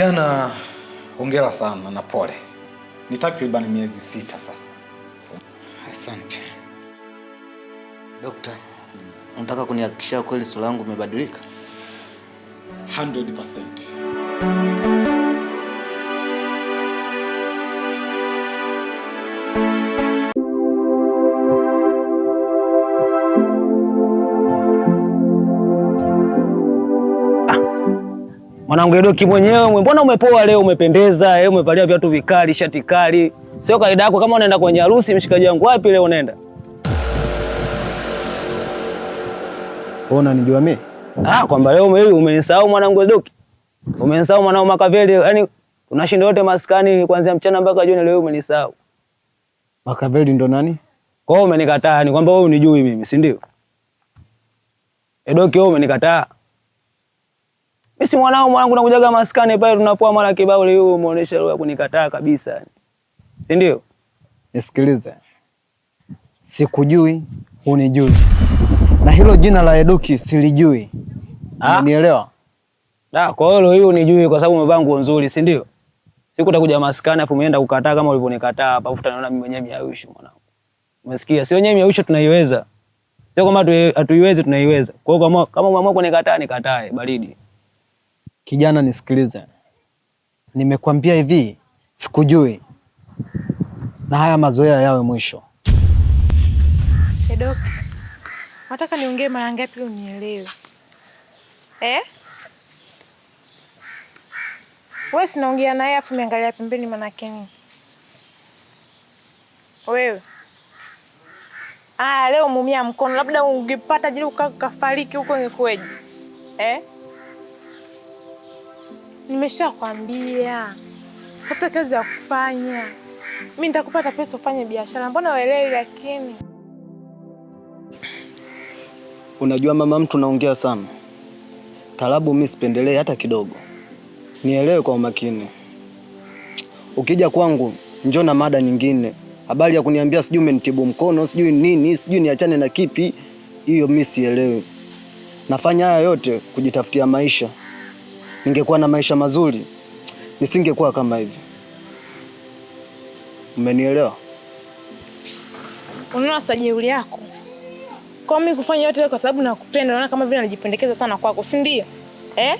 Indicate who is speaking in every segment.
Speaker 1: Kijana, hongera sana na pole. Ni takriban miezi sita sasa.
Speaker 2: Asante
Speaker 3: Dokta. Unataka kunihakikishia kweli sura yangu imebadilika?
Speaker 2: 100%.
Speaker 4: Mwanangu Edoki mwenyewe, mbona umepoa leo, umependeza, eh, umevalia viatu vikali, shati kali. Sio kaida yako kama unaenda kwenye harusi, mshikaji wangu, wapi leo unaenda?
Speaker 1: Ona nijua mimi?
Speaker 4: Ah, kwamba leo mimi umenisahau mwanangu Edoki. Umenisahau mwanao Makaveli. Yaani unashinda yote maskani kuanzia mchana mpaka jioni leo umenisahau.
Speaker 1: Makaveli ndo nani?
Speaker 4: Kwa hiyo umenikataa, ni kwamba wewe unijui mimi, si ndio? Edoki wewe umenikataa. Mimi si mwanao, mwanangu nakujaga maskani pale tunapoa mara kibao, leo umeonesha lugha kunikataa kabisa. Si ndio?
Speaker 1: Nisikilize. Sikujui, hunijui. Na hilo jina la Eduki silijui. Ah. Unielewa?
Speaker 4: Na kwa hiyo hiyo unijui kwa sababu umevaa nguo nzuri, si ndio? Sikutakuja maskani afu umeenda kukataa kama ulivyonikataa hapa, afu tunaona mimi mwenyewe miaushu mwanangu. Umesikia? Sio wenyewe miaushu tunaiweza. Sio kama hatuiwezi tunaiweza. Kwa hiyo kama kama umeamua kunikataa nikatae baridi.
Speaker 1: Kijana nisikilize, nimekwambia hivi, sikujui na haya mazoea yawe mwisho.
Speaker 5: Edok, nataka niongee mara ngapi unielewe eh? Wewe sinaongea naye afu miangalia pembeni, manake nini? Wewe ah, leo mumia mkono, labda ungepata jili ukafariki huko, ingekuwaje eh? Nimeshakwambia hata kazi ya kufanya mi nitakupata pesa ufanye biashara. Mbona uelewi? Lakini
Speaker 1: unajua mama mtu, naongea sana talabu, mi sipendelee hata kidogo. Nielewe kwa umakini. Ukija kwangu njoo na mada nyingine, habari ya kuniambia sijui umenitibu mkono sijui nini sijui niachane na kipi, hiyo mi sielewi. Nafanya haya yote kujitafutia maisha ningekuwa na maisha mazuri nisingekuwa kama hivi. Umenielewa?
Speaker 5: Unaona sajeuli yako kwa mimi kufanya yote kwa sababu nakupenda, naona kama vile najipendekeza sana kwako, si ndio? eh?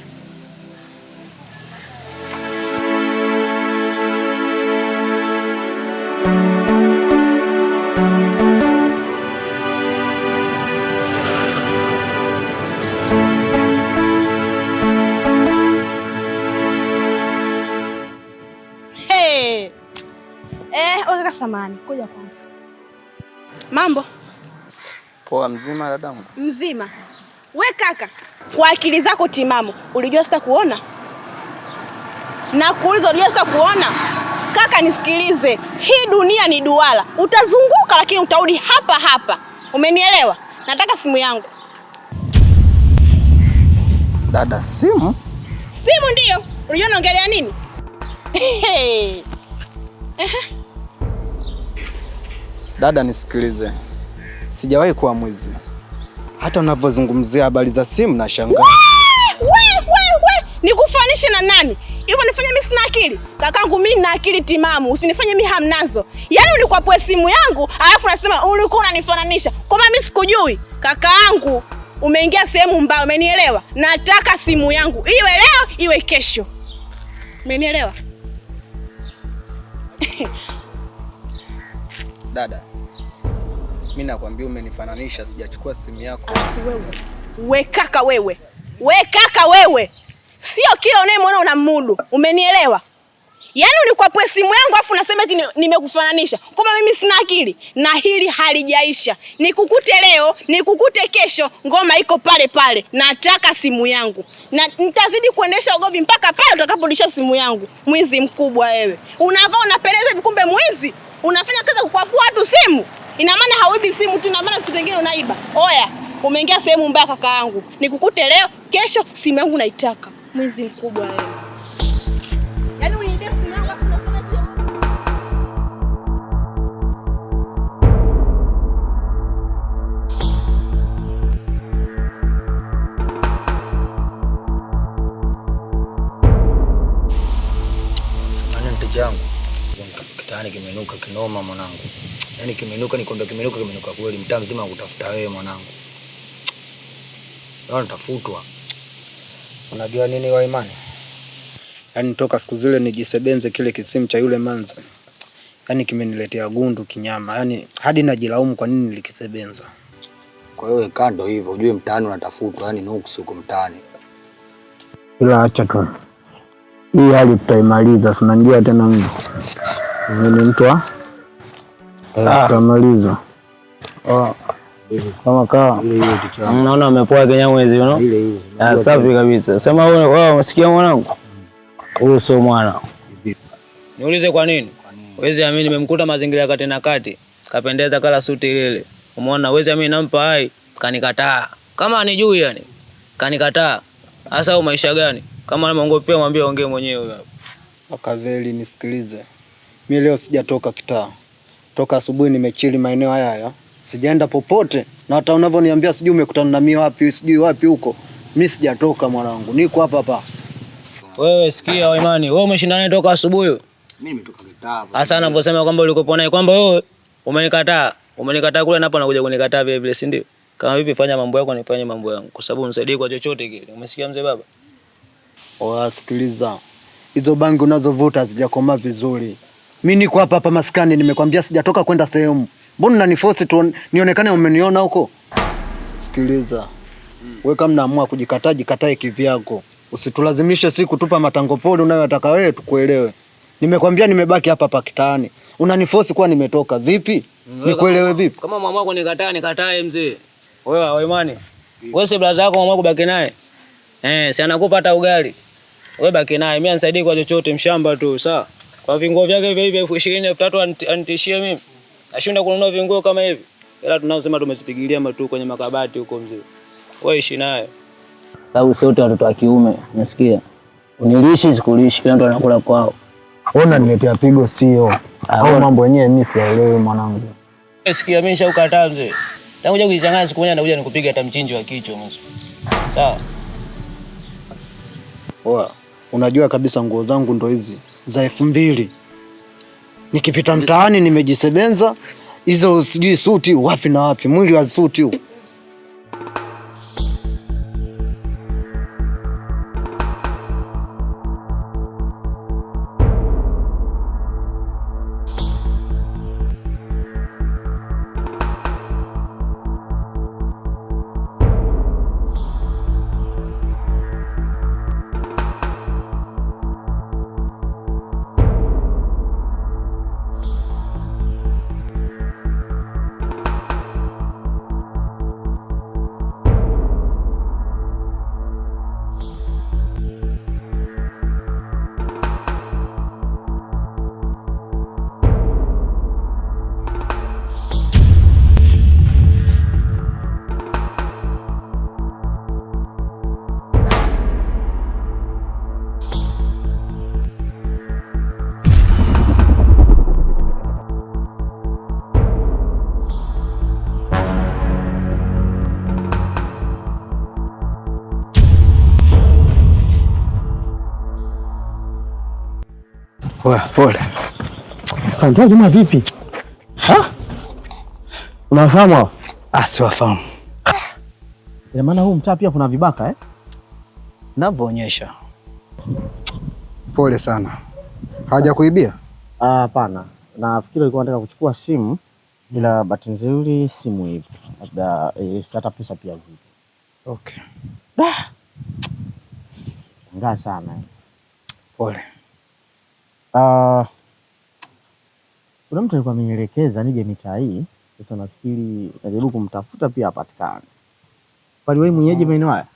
Speaker 5: samani, kuja kwanza. Mambo
Speaker 1: poa? Mzima dada
Speaker 5: Mzima we kaka, kwa akili zako timamu ulijua kuona na kuuliza, ulijua kuona Kaka nisikilize, hii dunia ni duara, utazunguka lakini utarudi hapa hapa, umenielewa? Nataka simu yangu
Speaker 1: dada. Simu?
Speaker 5: Simu ndiyo. Ulijua naongelea nini?
Speaker 1: Dada, nisikilize, sijawahi kuwa mwizi. Hata unavyozungumzia habari za simu na shangaa.
Speaker 5: Nikufanishe na nani hivyo? Nifanye mimi sina akili? Kakangu mimi na akili timamu, usinifanye mimi hamnazo. Yaani ulikuwa kwa simu yangu alafu unasema ulikuwa unanifananisha kwa maana mimi sikujui. Kakaangu, umeingia sehemu mbaya, umenielewa? Nataka simu yangu iwe leo iwe kesho, umenielewa?
Speaker 1: Dada, mi nakwambia umenifananisha, sijachukua simu yako.
Speaker 5: Ah, wewe we kaka, wewe we kaka, wewe sio kila unayemwona unamudu, umenielewa? Yaani unikwapue simu yangu afu unasema eti nimekufananisha ni kwamba mimi sina akili, na hili halijaisha. Nikukute leo nikukute kesho, ngoma iko pale pale. Nataka simu yangu na nitazidi kuendesha ugomvi mpaka pale utakaporudisha simu yangu. Mwizi mkubwa wewe, unavaa unapeleza vikumbe mwizi. Unafanya kazi kukwapua watu simu, ina maana hauibi simu tu, ina maana vitu vingine unaiba. Oya, umeingia sehemu mbaya ni nikukute leo, kesho simu yangu naitaka. Mwizi mkubwa wewe.
Speaker 6: yani kimenuka kinoma mwanangu, yaani kimeinuka, nikwambia kimenuka, kimenuka kweli. Mtaa mzima nakutafuta wewe mwanangu, natafutwa. Unajua nini wa Imani,
Speaker 7: Yani toka siku zile nijisebenze kile kisimu cha yule manzi, yani kimeniletea gundu kinyama, yani hadi najilaumu kwa nini nilikisebenza.
Speaker 6: Kwa hiyo kando hivyo, ujue mtaani unatafutwa, yani nuksi huko mtaani,
Speaker 8: ila acha tu hii hali tutaimaliza, tunanjia tena mimi mimi mtu wa ah. kamaliza ah. kama kaa naona amepoa Kenya mwezi no, ah, safi kabisa. Sema wewe umesikia mwanangu, mm. huyu sio mwana.
Speaker 4: Niulize kwa nini? Wezi amini nimemkuta mazingira kati na kati, kapendeza kala suti ile Umeona, wezi amini nampa hai, kanikataa kama anijui yani, kanikataa hasa. Au maisha gani? Kama anaongopea mwambie, ongee mwenyewe
Speaker 1: hapo. nisikilize mi leo sijatoka kitaa, toka asubuhi nimechili maeneo haya haya, sijaenda popote, na hata unavyoniambia sijui umekutana nami wapi, sijui wapi huko, mimi sijatoka mwanangu, niko hapa hapa.
Speaker 4: Wewe sikia, wewe Imani, wewe umeshinda naye toka asubuhi? Mimi
Speaker 6: nimetoka kitaa.
Speaker 4: Hasa anaposema kwamba ulikopo naye kwamba wewe umenikataa, umenikataa kule, napo nakuja kunikataa vile vile, si ndio? Kama vipi, fanya mambo yako, nifanye mambo yangu, kwa sababu unisaidie kwa chochote kile. Umesikia mzee baba?
Speaker 1: wasikiliza hizo bangi unazovuta hazijakomaa vizuri Mi niko hapa hapa maskani, nimekwambia sijatoka kwenda sehemu. Mbona unaniforce tu nionekane umeniona huko? Sikiliza. Mm. Wewe kama unaamua kujikataa, jikatae kivyako. Usitulazimishe si kutupa matango pole unayotaka wewe tukuelewe. Nimekwambia nimebaki hapa hapa kitaani. Unaniforce kuwa nimetoka vipi? Nikuelewe vipi?
Speaker 4: Kama mama yako nikataa, nikatae mzee. Wewe wa imani. Wewe si brother yako mama yako baki naye. Eh, si anakupa hata ugali. Wewe baki naye. Mimi nisaidie kwa chochote mshamba tu, sawa? Kwa vinguo vyake hivi hivi elfu ishirini elfu tatu anitishie mimi. Nashinda kununua vinguo kama hivi. Ila tunasema tumezipigilia matu kwenye makabati huko mzee. Wewe ishi naye.
Speaker 8: Sababu sio wote watoto wa kiume, nasikia. Unilishi sikulishi kila mtu anakula kwao.
Speaker 1: Ona nimetia pigo sio. Au ah, mambo yenyewe mimi sielewi mwanangu.
Speaker 4: Sikia mimi nishaukataa mzee. Nakuja kujichanganya siku moja nakuja nikupiga hata mchinji wa kichwa mzee. Sawa.
Speaker 1: Poa. Unajua kabisa nguo zangu ndo hizi za elfu mbili. Nikipita mtaani nimejisebenza hizo, sijui suti wapi na wapi, mwili wa suti huu Pole. Asante jamaa, vipi? Unawafahamu hao?
Speaker 2: Ah, siwafahamu.
Speaker 3: Ina maana huu mtaa pia kuna vibaka eh? Navyoonyesha.
Speaker 1: Pole sana. Hawajakuibia?
Speaker 3: Ah, hapana. Nafikiri alikuwa anataka kuchukua simu ila bahati nzuri simu hivi. Labda e, hata pesa pia zipo.
Speaker 1: Okay. Da.
Speaker 3: Ngaa sana. Eh. Pole. Ah, kuna mtu alikuwa amenielekeza nije mitaa hii, sasa nafikiri najaribu kumtafuta pia apatikane. Pali wewe mwenyeji ah. maeneo haya?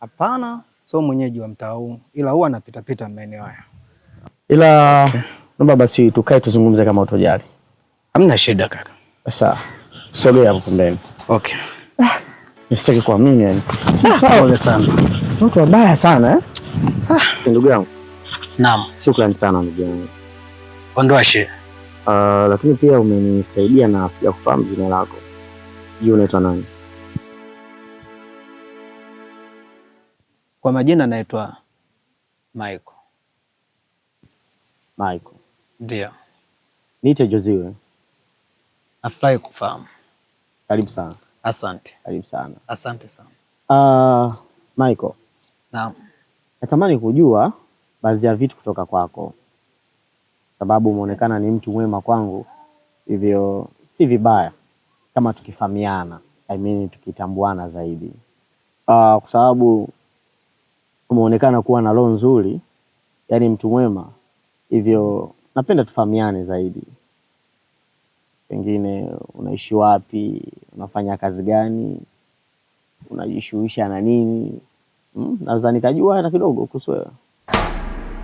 Speaker 1: Hapana, sio mwenyeji wa mtaa huu ila huwa anapitapita maeneo haya.
Speaker 3: Ila naomba basi tukae tuzungumze kama utojali.
Speaker 1: Hamna shida kaka.
Speaker 3: Sasa sogea hapo pembeni.
Speaker 1: Okay. Ah,
Speaker 3: nisitaki kuamini yani. Pole sana. Mtu mbaya sana eh? Ah, ndugu yangu. Naam. Shukrani sana ndugu yangu. Ondoa shehe. Uh, ah, lakini pia umenisaidia na sijakufahamu jina lako. Juu unaitwa nani? Kwa majina naitwa Michael. Michael. Ndio. Niite Josiwe.
Speaker 9: Nafurahi kufahamu. Karibu sana. Asante. Karibu sana. Asante sana.
Speaker 3: Uh, Michael. Naam. Natamani kujua baadhi ya vitu kutoka kwako, sababu umeonekana ni mtu mwema kwangu, hivyo si vibaya kama tukifahamiana, I mean tukitambuana zaidi, uh, kwa sababu umeonekana kuwa na roho nzuri, yani mtu mwema, hivyo napenda tufahamiane zaidi, pengine unaishi wapi, unafanya kazi gani, unajishughulisha na nini. Mm, naweza nikajua hata kidogo kuhusu wewe.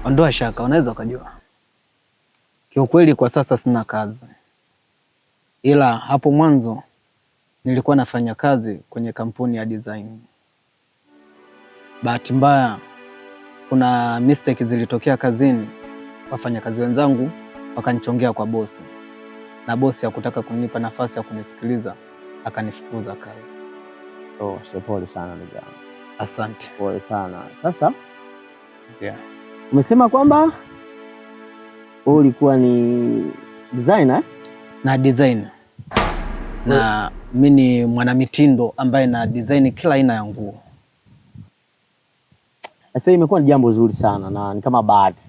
Speaker 3: Ondoa shaka, unaweza ukajua. Kiukweli kwa sasa sina kazi, ila hapo mwanzo nilikuwa nafanya kazi kwenye kampuni ya design. Bahati mbaya, kuna mistake zilitokea kazini, wafanyakazi wenzangu wakanichongea kwa bosi, na bosi hakutaka kunipa nafasi ya kunisikiliza, akanifukuza kazi. Oh, pole sana ndugu yangu. Asante. Pole sana. Sasa yeah. Umesema kwamba wewe ulikuwa ni designer eh?
Speaker 1: na design na mimi ni mwanamitindo ambaye na design kila aina ya nguo.
Speaker 3: Sasa imekuwa ni jambo zuri sana na ni kama bahati.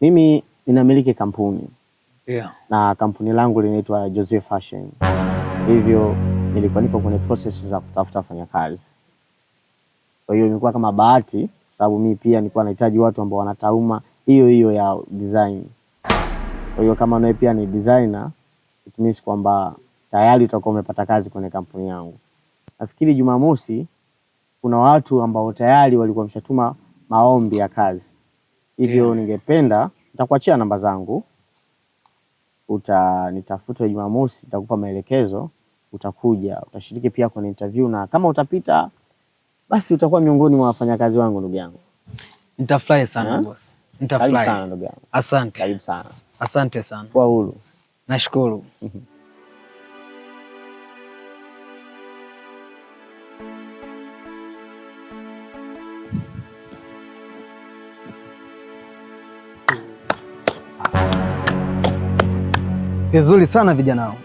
Speaker 3: Mimi ninamiliki kampuni yeah. Na kampuni langu linaitwa Jose Fashion, hivyo nilikuwa niko kwenye process za kutafuta wafanyakazi, kwa hiyo imekuwa kama bahati sababu mi pia nilikuwa nahitaji watu ambao wanatauma hiyo hiyo ya design. Kwa hiyo kama nawe pia ni designer, it means kwamba tayari utakuwa umepata kazi kwenye kampuni yangu. Nafikiri Jumamosi kuna watu ambao tayari walikuwa wameshatuma maombi ya kazi, hivyo yeah. Ningependa nitakuachia namba zangu, utanitafuta Jumamosi, nitakupa maelekezo, utakuja utashiriki pia kwenye interview, na kama utapita basi utakuwa miongoni mwa wafanyakazi wangu ndugu yangu.
Speaker 1: Nitafurahi sana eh? boss. Nitafurahi. sana ndugu yangu. Asante. Karibu sana. Asante sana. Kwa huru. Nashukuru. Vizuri sana vijana wangu.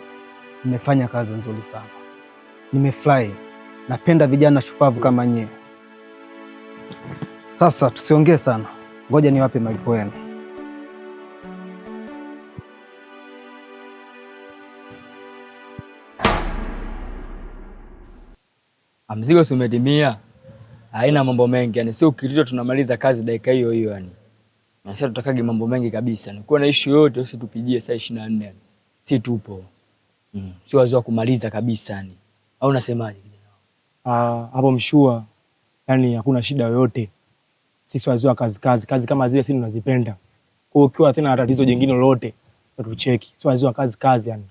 Speaker 1: Nimefanya kazi nzuri sana. Nimefurahi. Napenda vijana shupavu kama nyie. Sasa tusiongee sana, ngoja niwape malipo yenu.
Speaker 4: Mzigo si umetimia? Haina mambo mengi yani, si kilicho, tunamaliza kazi dakika hiyo hiyo yani. Na sasa tutakage mambo mengi kabisa. Nikuwa na issue yote usitupigie saa 24 yani. Si tupo. Mm. Si wazo kumaliza kabisa yani. Au unasemaje?
Speaker 1: Ah, hapo mshua, yani hakuna shida yoyote. Sisi wazee wa kazi kazi kazi kama zile sisi tunazipenda. Kwa hiyo ukiwa tena tatizo jingine lolote tutucheki. sisi wazee wa kazi kazi yani.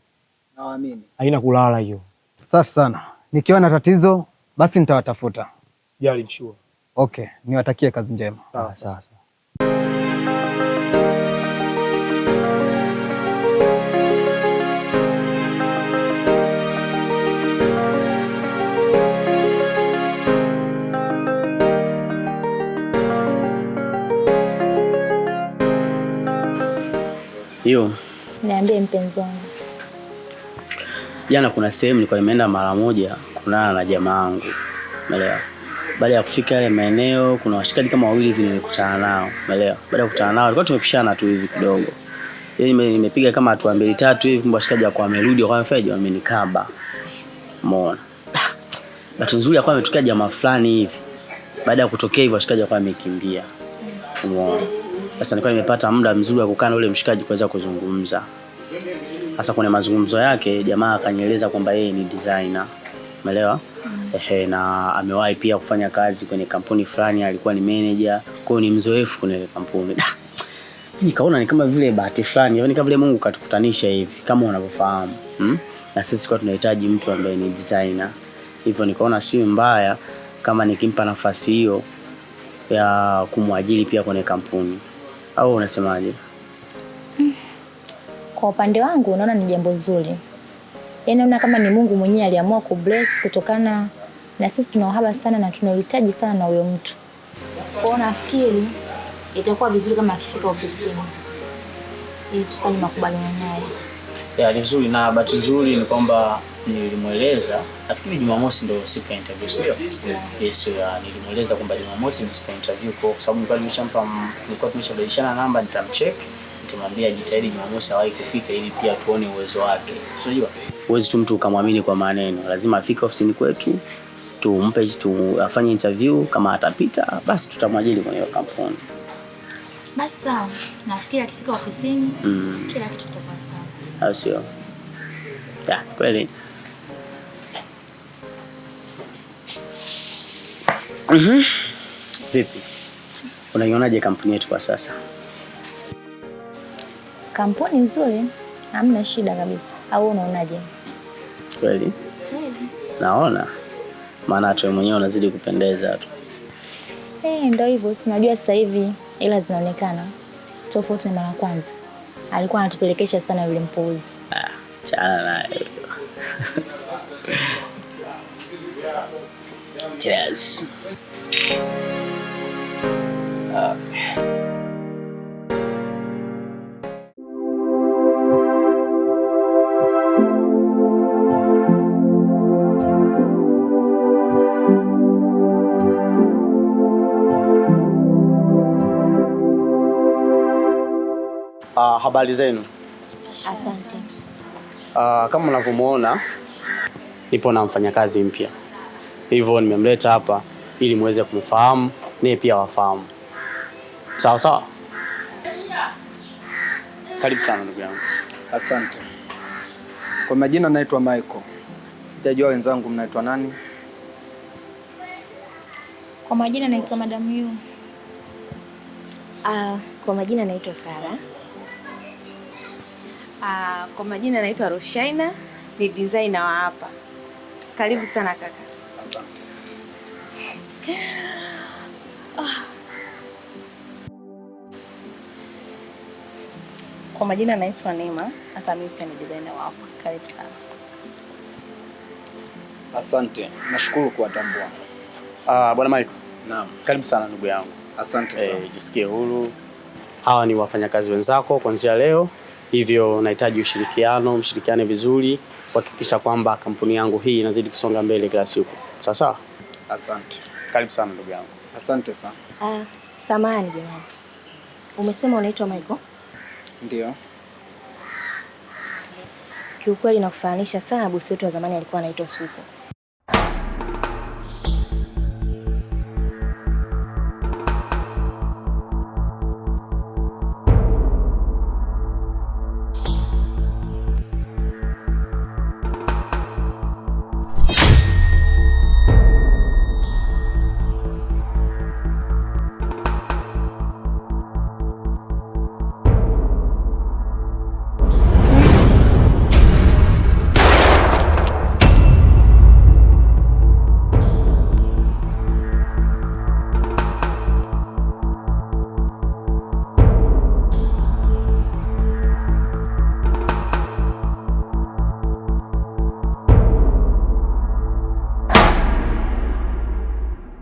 Speaker 1: Naamini. Haina kulala hiyo. Safi sana. Nikiwa na tatizo basi nitawatafuta. Sijali mshua. Okay, niwatakie kazi njema.
Speaker 9: Sawa sawa.
Speaker 10: Hiyo
Speaker 11: niambie, mpenzi wangu.
Speaker 10: Jana kuna sehemu nilikuwa nimeenda mara moja kunana na jamaa wangu, umeelewa. Baada ya kufika yale maeneo, kuna washikaji kama wawili hivi nilikutana nao, umeelewa. Baada ya kukutana nao, tulikuwa tumepishana tu hivi kidogo, yaani nimepiga kama hatua mbili tatu hivi, kumbe washikaji wako wamerudi, kwa wamefanya wamenikaba, umeona. Ah, bahati nzuri akawa ametokea jamaa fulani hivi, baada ya kutokea hivyo washikaji wako wamekimbia, umeona sasa nilikuwa nimepata muda mzuri wa kukaa na yule mshikaji kuweza kuzungumza. Sasa kuna mazungumzo yake jamaa akanieleza kwamba yeye ni designer. Umeelewa? Mm. Ehe, na amewahi pia kufanya kazi kwenye kampuni fulani, alikuwa ni manager. Kwa hiyo ni mzoefu kwenye ile kampuni. Nikaona ni kama vile bahati fulani, yaani kama vile Mungu katukutanisha hivi kama unavyofahamu. Mm? Na sisi kwa tunahitaji mtu ambaye ni designer. Hivyo nikaona si mbaya kama nikimpa nafasi hiyo ya kumwajiri pia kwenye kampuni au unasemaje? Mm.
Speaker 11: Kwa upande wangu unaona ni jambo zuri, yaani naona kama ni Mungu mwenyewe aliamua bless kutokana na sisi tuna uhaba sana na tuna uhitaji sana na huyo mtu. Kwa nafikiri itakuwa vizuri kama akifika ofisini ili tufanye makubaliano naye
Speaker 10: ya vizuri na bahati nzuri ni kwamba nilimweleza, nafikiri Jumamosi ndio siku ya interview, sio? Yes, nilimweleza kwamba Jumamosi ni siku ya interview, kwa sababu nilikuwa nimeshampa, nilikuwa tumeshabadilishana namba, nitamcheck, nitamwambia jitahidi Jumamosi awahi kufika ili pia tuone uwezo wake. Unajua, huwezi tu mtu ukamwamini kwa maneno, lazima afike ofisini kwetu tumpe tu afanye interview, kama atapita basi tutamwajiri kwenye kampuni.
Speaker 11: Basi sawa, nafikiri akifika ofisini mm. kila kitu kitakuwa
Speaker 10: au sio? Kweli. Mm-hmm. Vipi? Unaionaje kampuni yetu kwa sasa?
Speaker 11: Kampuni nzuri, hamna shida kabisa. Au unaonaje?
Speaker 10: Kweli? Naona maana hata mwenyewe unazidi kupendeza tu.
Speaker 11: Eh, hey, ndio hivyo, si najua sasa hivi ila zinaonekana tofauti na mara kwanza alikuwa anatupelekesha sana yule mpuzi.
Speaker 10: Chana naye cheers.
Speaker 12: habari zenu? Asante. Uh, kama mnavyomuona nipo na mfanyakazi mpya, hivyo nimemleta hapa ili muweze kumfahamu naye pia wafahamu. Sawa sawa,
Speaker 13: karibu sana ndugu yangu.
Speaker 1: Asante. Kwa majina naitwa Michael, sijajua wenzangu mnaitwa nani?
Speaker 11: Kwa majina naitwa Madam Yu.
Speaker 14: Ah, kwa majina naitwa Sara.
Speaker 15: Uh, kwa majina naitwa Roshaina ni designer wa hapa. Karibu sana kaka.
Speaker 1: Asante.
Speaker 14: Kwa majina naitwa Neema, hata mimi pia ni designer wa hapa. Karibu sana.
Speaker 1: Asante, nashukuru kuwatambua.
Speaker 12: Ah, uh, bwana Mike. Naam. Karibu sana ndugu yangu.
Speaker 1: Asante eh, sana. Eh,
Speaker 12: jisikie huru. Hawa ni wafanyakazi wenzako kuanzia leo hivyo nahitaji ushirikiano, mshirikiane vizuri kuhakikisha kwamba kampuni yangu hii inazidi kusonga mbele kila siku. Sawa sawa, asante. Karibu sana ndugu yangu,
Speaker 1: asante sana.
Speaker 14: Uh, samahani jamani, umesema unaitwa Michael? Ndio. Kiukweli nakufananisha sana, bosi wetu wa zamani alikuwa anaitwa Suku.